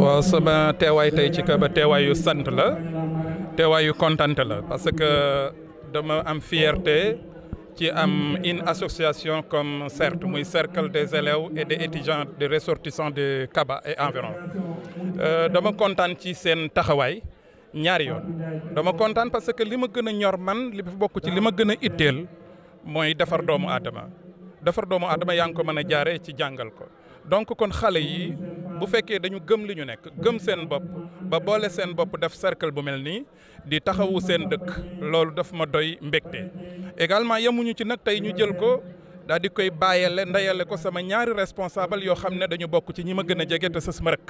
waaw sama teewaay tey ci Kaba teewaayu sant la teewaayu kontante la parce que dama am fierté ci am une association comme CERT muy cercle des élèves et des étudiants des ressortissants de Kaba et environ euh, dama kontaan ci seen taxawaay ñaari yoon dama kontaan parce que li ma gën a ñor man li bokk ci li ma gën a itteel mooy defar doomu aadama defar doomu adama yaa ngi ko mën a jaaree ci jàngal ko donc kon xale yi bu fekkee dañu gëm li ñu nekk gëm seen bopp ba boole seen bopp def cercle bu mel nii di taxawu seen dëkk loolu daf ma doy mbégte également yemuñu ci nag tey ñu jël ko daal di koy bàyyale ndeyale ko sama ñaari responsable yoo xam ne dañu bokk ci ñi ma gën a jege te sës ma rek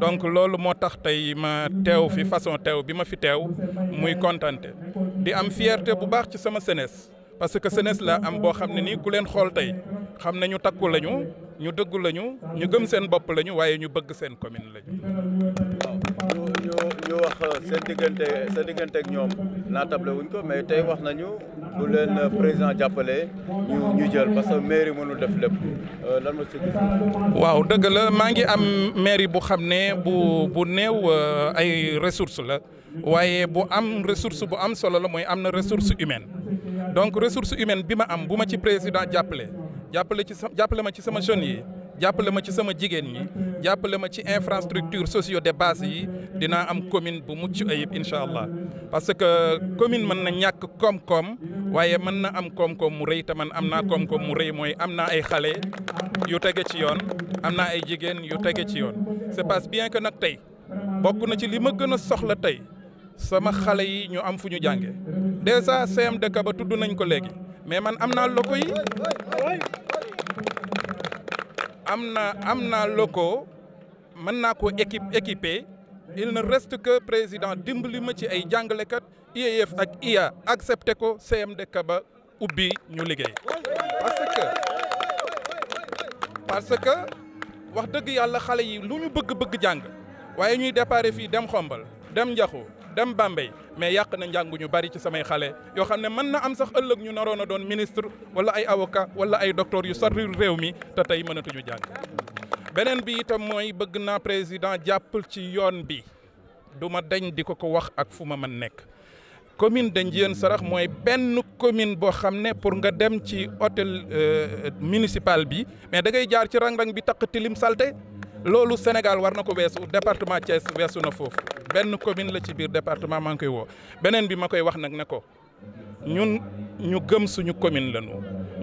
donc loolu moo tax tey ma teew fi façon teew bi ma fi teew muy kontante di am fierté bu baax ci sama senes parce que jeunesse la am boo xam ne nii ku leen xool tey xam na ñu takku lañu ñu dëggu lañu ñu gëm seen bopp lañu waaye ñu bëgg seen commune lañu. waaw ñu ñu wax seen diggante sa diggante ak ñoom naatable wuñ ko mais tey wax nañu bu leen président jàppale ñu ñu jël parce que mairie mënul def lépp euh, lan ma waaw dëgg la maa ngi am mairie bu xam ne bu bu néew euh, ay ressources la waaye bu am ressource bu am solo la mooy am na ressource humaine. donc ressource humaine bi ma am bu ma ci président jàppale jàppale ci sa jàppale ma ci sama jeunes yi jàppale ma ci sama jigéen ñi jàppale ma ci infrastructure socio de base yi dinaa am commune bu mucc ayib incha allah parce que commune mën na ñàkk koom-koom waaye mën na am koom-koom mu rey te man am naa koom-koom mu rëy mooy am naa ay xale yu tege ci yoon am naa ay jigéen yu tege ci yoon. c'est parce bien que nag tey bokk na ci li ma gën a soxla tey. sama xale yi ñu am fu ñu jànge dèjà CM de ba tudd nañ ko léegi mais man am naa loko yi am na am naa loko mën naa ko équipe équipé il ne reste que président dimbali ma ci ay jàngalekat IEF ak IA accepté ko CM dëkk ba ubbi ñu liggéey parce que parce que wax dëgg yàlla xale yi lu ñu bëgg-bëgg jàng waaye ñuy déparé fii dem xombal dem njaxu dem Bambey mais yàq na njàng ñu bari ci samay xale yoo xam ne mën na am sax ëllëg ñu naroon a doon ministre wala ay avocat wala ay docteur yu sori réew mi te tey mënatuñu jàng beneen bi itam mooy bëgg naa président jàppal ci yoon bi du ma dañ di ko ko wax ak fu ma mën nekk. commune de Ndiéyène Sarax mooy benn commune boo xam ne pour nga dem ci hôtel euh, municipal bi mais da ngay jaar ci rang bi taq tilim salté loolu Sénégal war na ko weesu département Thiès weesu na foofu benn commune la ci biir département maa ngi koy woo beneen bi ma koy wax nag ne ko ñun ñu gëm suñu commune la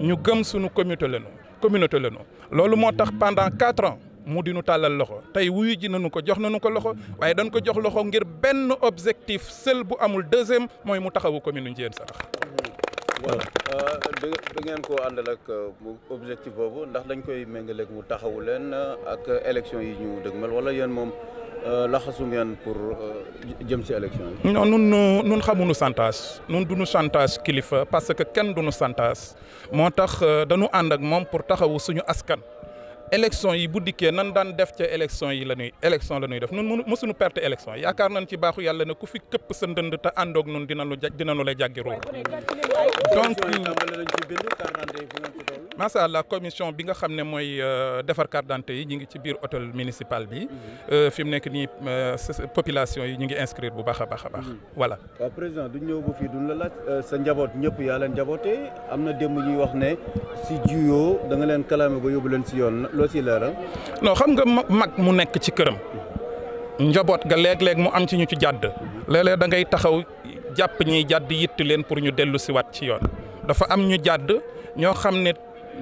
ñu gëm suñu communauté la communauté la loolu moo tax pendant quatre ans mu di nu tàllal loxo tey wuyu ji nañu ko jox nañu ko loxo waaye dañ ko jox loxo ngir benn objectif seul bu amul deuxième mooy mu taxawu commune Ndiéyène Sarax voilà di euh, di ngeen koo àndal euh, objectif boobu ndax dañ koy méngaleeg mu taxawu leen euh, ak élection yi ñu dëgmal wala yéen moom laxasu ngeen pour jëm si élection yi. non nun nun xamuñu chantage nun duñu chantage kilifa parce que kenn duñu chantage moo tax dañu ànd ak moom pour taxawu suñu askan. élection yi bu dikkee nan daan def ca élection yi la ñuy élection la ñuy def nun mënu mësuñu perte élection yaakaar nañ ci baaxu yàlla na ku fi këpp sa ndënd te àndoog nun dina lu dina lu lay jàggi ruur donc macha allah commission bi nga xam ne mooy euh, defar carte d'identité yi ñu ngi ci biir hôtel municipal bi mm-hmm. euh, fi mu nekk nii euh, population yi ñu ngi inscrire bu baax a baax a baax mm-hmm. voilà président du ñëw bu fi duñ la laaj sa njaboot ñëpp yaa leen njabootee am na démb ñuy wax ne si juyoo da leen kalaame ba yóbbu leen si yoon loo ciy leeral. non xam nga mag mu nekk ci këram. njaboot nga léeg-léeg mu am ci ñu ci jàdd. léeg-léeg da ngay taxaw jàpp ñiy jàdd yitt leen pour ñu dellu si waat ci yoon. dafa am ñu jàdd ñoo xam ne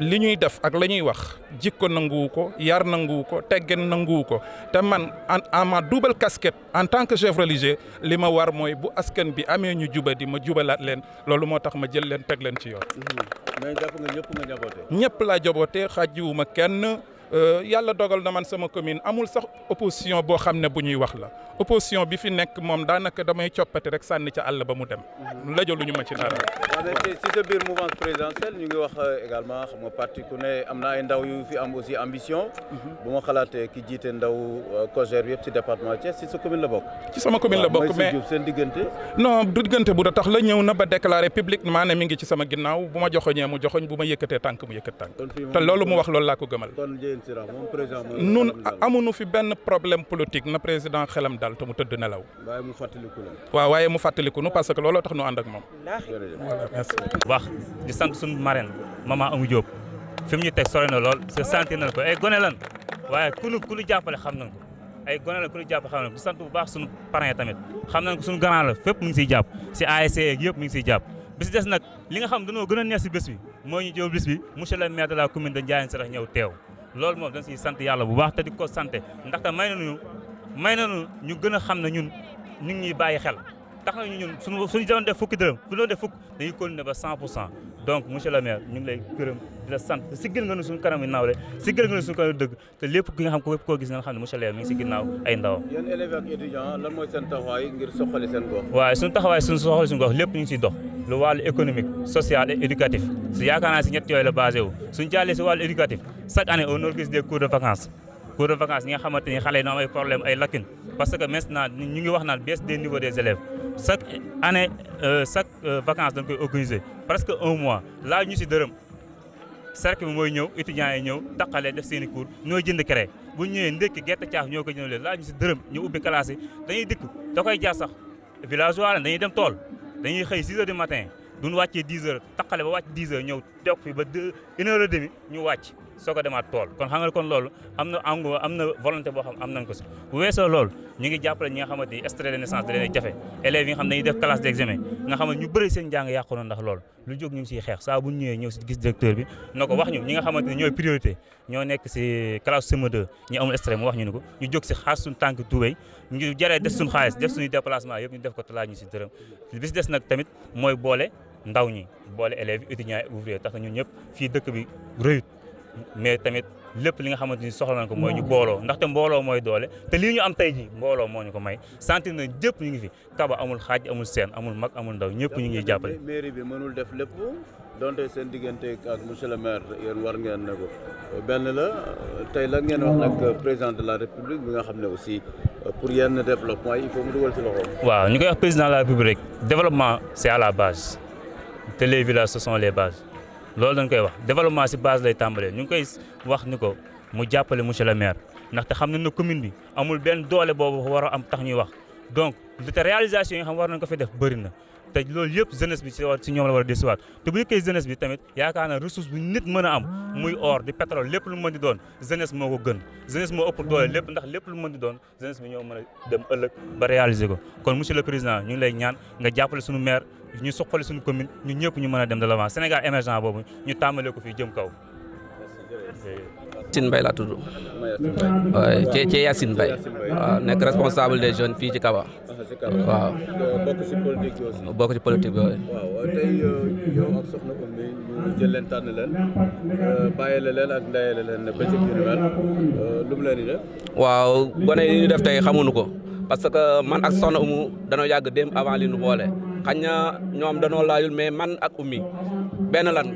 li ñuy def ak la ñuy wax jikko nanguwu ko yar nanguwu ko teggen nanguwu ko te man en ma double casquette en tant que chef religieux li ma war mooy bu askan bi amee ñu di ma jubalaat leen loolu moo tax ma jël leen teg leen ci yoon. Mm-hmm. mais laa jabootee xaajuwuma kenn. Euh, yàlla dogal na man sama commune amul sax opposition boo xam ne bu ñuy wax la opposition bi fi nekk moom daanaka damay coppati rek sànni ca àll ba mu dem. lajaluñu ma ci dara. si sa biir mouvance présidentielle ñu ngi wax euh, également ku ne na ndaw yu fi am ambition. Mhm. bu ma xalaatee ki jiite ndaw euh, COJER ci sama commune la bokk mais seen diggante. non diggante bu da tax la ñëw na ba déclaré publiquement ne mi ngi ci sama ginnaaw bu ma joxoñee mu joxoñ bu ma yëkkatee tànk mu te loolu mu nun amuñu fi benn problème politique na président xelam dal te mu tëdd nelaw. waaye mu fàttaliku waaw waaye mu fàttaliku nu parce que looloo tax nu ànd ak moom. voilà merci. di sant suñu marraine maman Amu Diop mu ñu teg sore na lool se sentir nañ ko ay gone lan waaye ku ñu ku ñu jàppale xam nañ ko ay gone la ku ñu xam nañ ko di sant bu baax suñu parrain tamit xam nañ ko suñu grand la fépp mu ngi siy jàpp si ASC yëpp mu ngi siy jàpp bi des nag li nga xam dañoo gën a neex si moo ñu jëw bés bi monsieur le maire de teew loolu moom dañ si sant yàlla bu baax te di ko sant ndaxte may nañu may na nañu ñu gën a xam ne ñun ñu ngi ñuy bàyyi xel tax na ñu ñun suñu suñu doon def fukki dërëm su doon def fukk dañuy continuer ba 100 pour cent donc monsieur le maire ñu ngi lay gërëm di la sant si gël nga nu suñu kanam yi naaw le si gël nga nu suñu kanam dëgg te lépp ki nga xam ko koo gis nga xam ne monsieur le maire mi ngi si ginnaaw ay ndawam yéen élèves ak étudiants lan mooy seen taxawaay lépp ñu ngi siy dox lu wàllu économique social et éducatif si yaakaar naa si ñett yooyu la basé wu suñu jàllee si wàllu éducatif chaque année on organise des cours de vacances cours de ñi nga xamante ni xale yi no am ay problème ay lacunes parce que maintenant ñu ngi wax naan baisse des niveaux des élèves chaque année euh, chaque euh, vacance dañ koy organiser presque un mois laaj ñu si dërëm cercle bi mooy ñëw étudiants yi ñëw taqalee def seen i cours ñooy jënd craie bu ñëwee ndékki gerte caaf ñoo ko jëndalee laaj ñu si dërëm ñu ubbi classe yi dañuy dikk da koy jaar sax villageois dañuy dem tool dañuy xëy 6 heures matin matin duñ wàccee 10 heures taqale ba wàcc 10 heures ñëw toog fi ba 2 une heure et ñu wàcc. soo ko demaat tool kon xam nga kon loolu am na engouement am na volonté boo xam am nañ ko si bu weesoo loolu ñu ngi jàppale ñi nga xamante ni extrait de naissance da leen jafe élèves nga xam d' examen nga ñu bëri seen njàng yàqu ndax loolu lu jóg ñu ngi xeex saa ñu ñëwee ñëw si gis directeur bi na ko wax ñu ñi nga xamante ni ñooy priorité ñoo nekk si classe cm ñu amul extrait mu wax ñu ni ko ñu jóg si xaas suñ tànk tuubéy ñu jaree def suñ xaalis def suñu des nag ñi boole élèves étudiants ouvriers tax na bi mais tamit lépp li nga xamante ni soxla nañ ko mooy ñu booloo ndaxte mbooloo mooy doole te lii ñu am tey ji mbooloo moo ñu ko may sentir na jëpp ñu ngi fi kaba amul xaaj amul seen amul mag amul ndaw ñëpp ñu ngi jàppale. mairie bi mënul def lépp donte seen diggante ak monsieur le maire yéen war ngeen ne ko benn la tey la ngeen wax nag président de la république bi nga xam ne aussi pour yenn développement yi waaw ñu koy wax président la république développement c'est à la base te les villages ce sont les bases. loolu dañ koy wax développement si base lay tàmbale ñu ngi koy wax ni ko mu jàppale monsieur le maire ndaxte xam na ne commune bi amul benn doole boobu war a am tax ñuy wax donc te réalisation yi xam war nañ ko fi def bëri na te loolu yëpp jeunesse bi ci war ci ñoom la war a desuwaat te bu yëkkee jeunesse bi tamit yaakaar naa ressource bu nit mën a am muy or di pétrole lépp lu mën di doon jeunesse moo ko gën jeunesse moo ëpp doole lépp ndax lépp lu mën di doon jeunesse bi ñoo mën a dem ëllëg ba réaliser ko kon monsieur le président ñu ngi lay ñaan nga jàppale suñu maire ñu suqali suñu commune ñun ñëpp ñu mën a dem de l'avant Sénégal émergent boobu ñu tàmbalee ko fii jëm kaw Yacine Mbaye laa waaw des jeunes fii ci Kaba waaw bokk ci politique yooyu waaw tey euh, yow ak soxna ko mi ñu jël leen tànn leen euh, bàyyile leen euh, gone yi ñu def tey xamunu ko parce que man ak soxna umu danoo yàgg dem avant li nu boole xañ na ñoom danoo laayul mais man ak ummi benn lan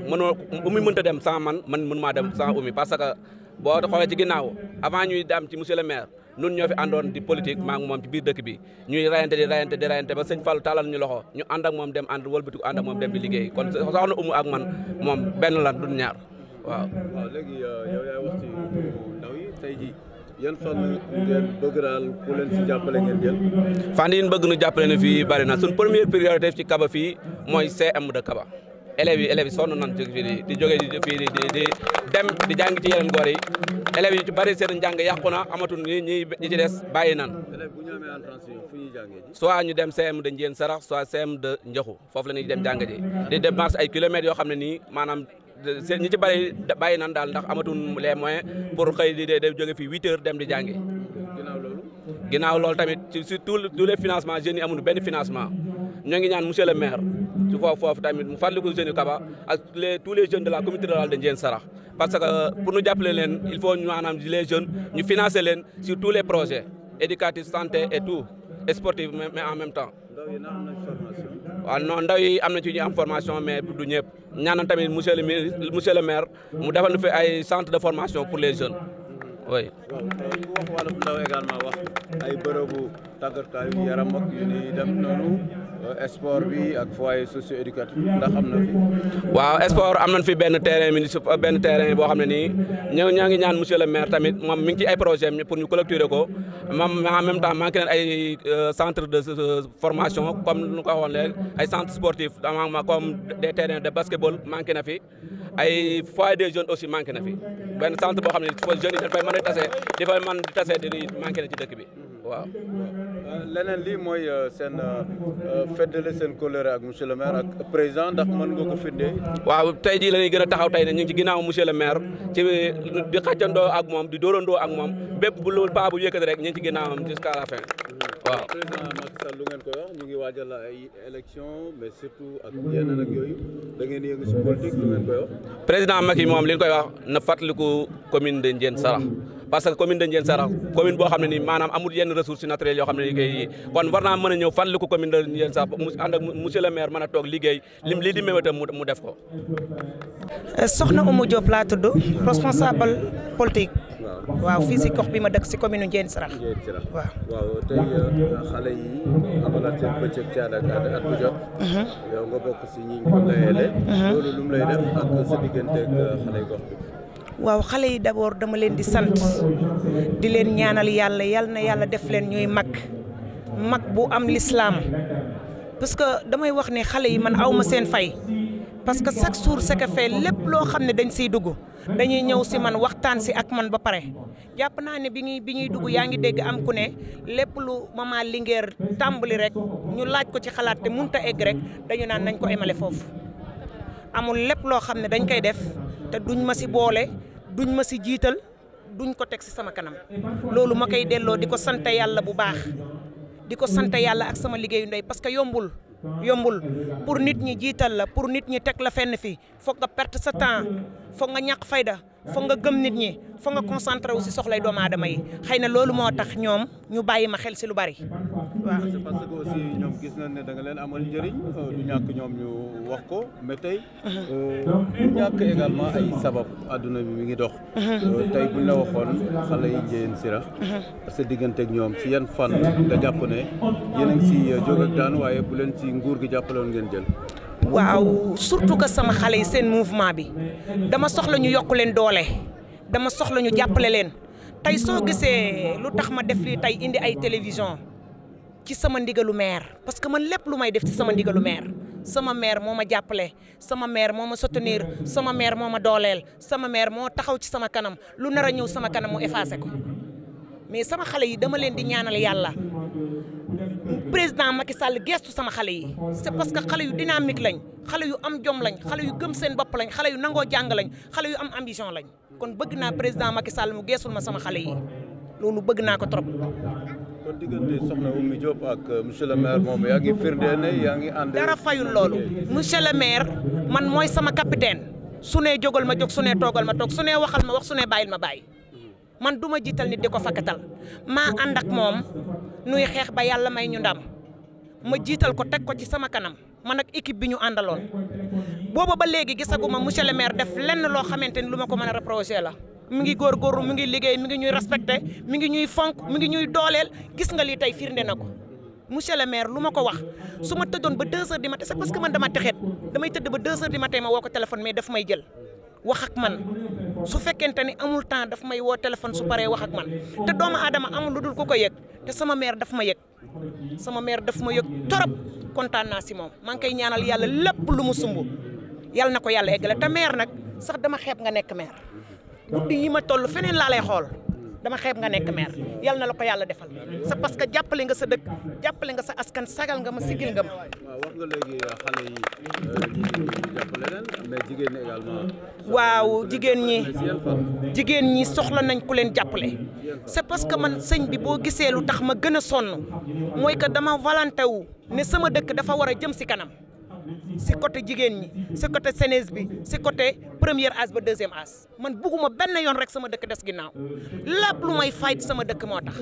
ummi mënta dem sans man man maa dem sans ummi parce que boo xoolee ci ginnaaw avant ñuy dem ci monsieur le maire nun ñoo fi àndoon di politique maa ngi moom ci biir dëkk bi ñuy rayante di rayante di rayante ba sëñ Fallou tàllal ñu loxo ñu ànd ak moom dem ànd wëlbatiku ànd ak moom dem di liggéey kon soxna umu ak man moom benn la duñ ñaar waaw. waaw léegi euh, yow yaa wax ci ndaw yi bëgg daal ku si jàppale ngeen jël. fan bëgg nu jàppale ne fii bari na suñ première priorité ci Kaba fii mooy CM de Kaba. élèves yi élèves yi sonn nañ jóge fii di joge fii nii di di dem di jàng ci yeneen goor yi ci bari seen njàng yàqu na amatul ñi ñi ñi ci des bàyyi nan soit ñu dem CM de Ndiène Sarax soit CM de Ndiaxu foofu la ñuy dem jàng ji di démarche ay kilomètres yoo xam ne nii maanaam seen ñi ci bari bàyyi nan daal ndax amatul les moyens pour xëy di de joge fii huit heures dem di jàngi ginnaaw loolu tamit ci surtout le les financements jeunes yi amul benn financement ñoo ngi ñaan monsieur le maire ci foofu foofu tamit mu fàttaliku jeunes yu Kaba ak les tous les jeunes de la communauté rurale de Ndiéyène Sarax parce que pour ñu jàppale leen il faut ñu maanaam les jeunes ñu financer leen sur tous les projets éducatifs santé et tout et sportif mais en même temps. waaw non ndaw am na ci ñu am formation mais du ñëpp ñaanal tamit monsieur le ministre monsieur le maire mu defal ñu fi ay centre de formation pour les jeunes oui. wax wàllu ndaw également wax ay bërëbu tàggatkaayu yaram ak yu ni dem sport bi ak foyer socio éducatif waaw sport am nañ fi benn terrain boo xam ne nii ñoo ñaan monsieur le maire tamit moom mi ngi ci ay projet pour ñu collecturer ko moom en même temps manqué nañ ay euh, centre de euh, formation comme nu ko waxoon de basketball manqué na fi ay foyer des jeunes aussi manqué fi benn centre boo xam ne jeunes yi dafay mën a tase dafay mën di tase di manqué na ci dëkk bi. waaw euh, leneen lii mooy euh, seen euh, feddale seen colère ak monsieur le maire ak président ndax mën nga ko finde waaw tey jii la ñuy gën a taxaw tey ne ñu ci ginnaaw monsieur le maire ci di xàccandoo ak moom di dóorandoo ak moom bépp bu loolu paa bu yëkkati rek ñu ci ginnaawam jusqu'à la fin. waaw président Macky ñu ngi waajal ay élection mais surtout ak yeneen ak yooyu da ngeen yëngu si politique lu ngeen moom li koy wax na fàttaliku commune de Ndiène Sara. parce que commune de Ndiène Sarax mm-hmm. commune boo xam ne nii maanaam amul yenn ressources naturelles yoo xam ne nii kon war mën a ñëw farlu ko commune de Ndiène Sarax mu ànd ak monsieur le a toog liggéey lim lii di méwétam mu def ko. Euh, soxna Oumou Diop laa tudd responsable politique. waaw fii si gox bi ma dëkk si commune nu Ndiène Sarax. Euh, mm-hmm. mm-hmm. sa diggante ak euh, xale waaw xale yi d'abord dama leen di sant di leen ñaanal yàlla yal na yàlla def leen ñuy mag mag bu am lislaam parce que damay wax ne xale yi man awma seen fay parce que chaque jour ce lépp loo xam ne dañ siy dugg dañuy ñëw si man waxtaan si ak man ba pare jàpp naa ne bi ñuy bi ñuy dugg yaa ngi dégg am ku ne lépp lu ma maman Linguère tàmbali rek ñu laaj ko ci xalaat te mënut a egg rek dañu naan nañ ko emale foofu amul lépp loo xam ne dañ koy def. te duñ ma si boole duñ ma si jiital duñ ko teg si sama kanam loolu ma koy delloo di ko sant yàlla bu baax di ko sant yàlla ak sama liggéeyu ndey parce que yombul yombul pour nit ñi jiital la pour nit ñi teg la fenn fii foog nga perte sa temps foog nga ñàkk fayda fa nga gëm nit ñi fa nga concentré wu si soxlay doomu aadama yi xëy na loolu moo tax ñoom ñu bàyyi ma xel si lu bari waaw. parce que aussi ñoom gis nañ ne da nga leen amal njëriñ euh, du ñàkk ñoom ñu wax ko mais tey. Euh, sabab adduna bi mi ngi dox. Mhm. Euh, buñ la waxoon xale yi Ndiéyène diggante ak ñoom si yan fànn nga jàpp ne yéen a ngi si jóg ak daan waaye bu leen si nguur gi jàppaloon ngeen jël. waaw surtout que sama xale yi seen mouvement bi dama soxla ñu yokk leen doole dama soxla ñu jàppale leen tey soo gisee lu tax ma def lii tey indi ay télévision ci sama ndigalu maire parce que man lépp lu may def ci sama ndigalu maire sama maire moo ma jàppale sama maire moo ma soutenir sama maire moo ma dooleel sama maire moo taxaw ci sama kanam lu nar a ñëw sama kanam mu effacé ko mais sama xale yi dama leen di ñaanal yàlla. président Macky Sall geestu sama xale yi c'est parce que xale yu dynamique lañ xale yu am jom lañ xale yu gëm seen bopp lañ xale yu nangoo jàng lañ xale yu am ambition lañ kon bëgg naa président Macky Sall mu geesul ma sama xale yi loolu bëgg naa ko trop. kon diggante soxna ak euh, monsieur le maire moom yaa ngi firnde loolu monsieur le maire man mooy sama capitaine su nee jogal ma jóg su nee toogal ma toog su ne waxal ma wax su ne bàyyil ma bàyyi. man du ma jiital nit di ko fakkatal maa ànd ak moom nuy xeex ba yàlla may ñu ndam ma jiital ko teg ko ci sama kanam man ak équipe bi ñu àndaloon. booba ba léegi gisaguma monsieur le maire def lenn loo xamante ni lu ma ko mën a reprocher la mu ngi góorgóorlu mu ngi liggéey mu ngi ñuy respecté mi ngi ñuy fonk mu ngi ñuy dooleel gis nga lii tey firnde na ko. monsieur le maire lu ma ko wax su ma tëddoon ba 2 heures du matin c'est parce que man dama texeet damay tëdd ba 2 heures du woo ko téléphone mais daf may jël. wax ak man su fekkente ni amul temps dafa may woo téléphone su paree wax ak man te doomu aadama amul lu dul ku ko yëg te sama mère daf ma yëg sama mère daf ma yëg torop kontaan naa si moom maa ngi koy ñaanal yàlla lépp lu mu sumb yàlla na ko yàlla eggale te mère nag sax dama xeeb nga nekk mère guddi yi ma toll feneen laa lay xool. dama xeeb nga nekk maire yal na la ko yàlla defal c'est parce que jàppale nga sa dëkk jàppale nga sa askan sagal nga ma sigil nga ma. waaw wax nga léegi euh, xale euh, jigéen ñi waaw jigéen ñi jigéen ñi soxla nañ ku leen jàppale c'est parce que man sëñ bi boo gisee lu tax ma gën a sonn mooy que dama volonté wu ne sama dëkk dafa war a jëm si kanam. si côté jigéen ñi si côté sénèse bi si côté première as ba deuxième as man bugguma benn yoon rek sama dëkk des ginnaaw lépp lu may fayit sama dëkk moo tax.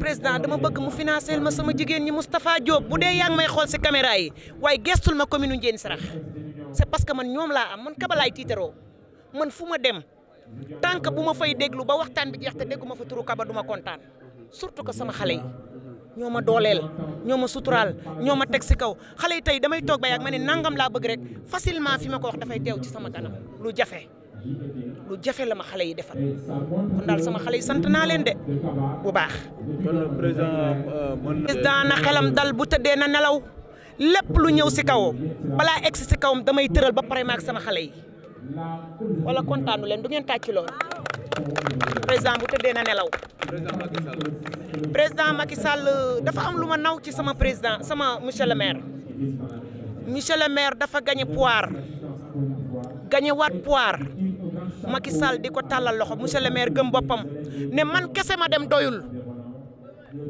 président dama bëgg mu financer ma sama jigéen ñi Moustapha Diop bu dee yaa ngi may xool si caméra yi waaye gestul ma commune u Ndiéyène Sirah c'est parce que man ñoom laa am man kabalaay tiitaroo man fu ma dem tànk bu ma fay déglu ba waxtaan bi jeex te déggu ma fa turu kaba duma kontaan surtout que sama xale yi ñoo ma dooleel. ñoo ma suturaal ñoo ma teg si kaw xale yi tey damay toog ba yàgg ma ne nangam laa bëgg rek facilement fi ma ko wax dafay teew ci sama kanam lu jafe lu jafe la ma xale yi defal kon daal sama xale yi sant naa leen de bu baax. kon président euh, na xelam dal bu tëddee na nelaw lépp lu ñëw si kawam balaa egg si kawam damay tëral ba pare ma ak sama xale yi wala kontaanu leen du ngeen tàcc président bu tëddee na nelaw. président Macky président Macky Sall dafa am lu ma naw ci sama président sama monsieur le maire. monsieur le maire dafa gagné poir gagné poir Poire. Macky Sall di ko tàllal loxo monsieur le maire gëm boppam ne man kese ma dem doyul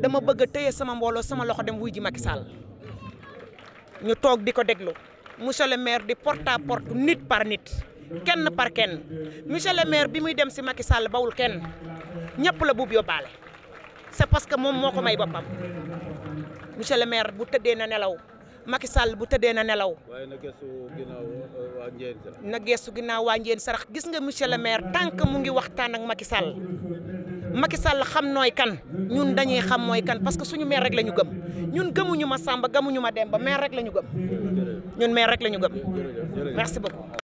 dama bëgg a téye sama mbooloo sama loxo dem wuy ji Macky Sall ñu toog di ko déglu monsieur le maire di porte porte nit par nit. kenn par kenn monsieur le maire bi muy dem si Macky sàll bawul kenn ñëpp la buub yóbbaale c'est parce que moom moo ko may boppam monsieur le maire bu tëddee na nelaw Macky sàll bu tëddee na nelaw. na gëstu euh, ginnaaw waa Ndiéyène Sarax. gis nga monsieur le maire tant mu ngi waxtaan ak Macky sàll Macky Sall xam nooy kan ñun dañuy xam mooy kan parce que suñu maire rek la ñu gëm ñun gëmuñu ma Samba gëmuñu ma Demba maire rek lañu ñu gëm ñun maire rek la ñu gëm merci beaucoup.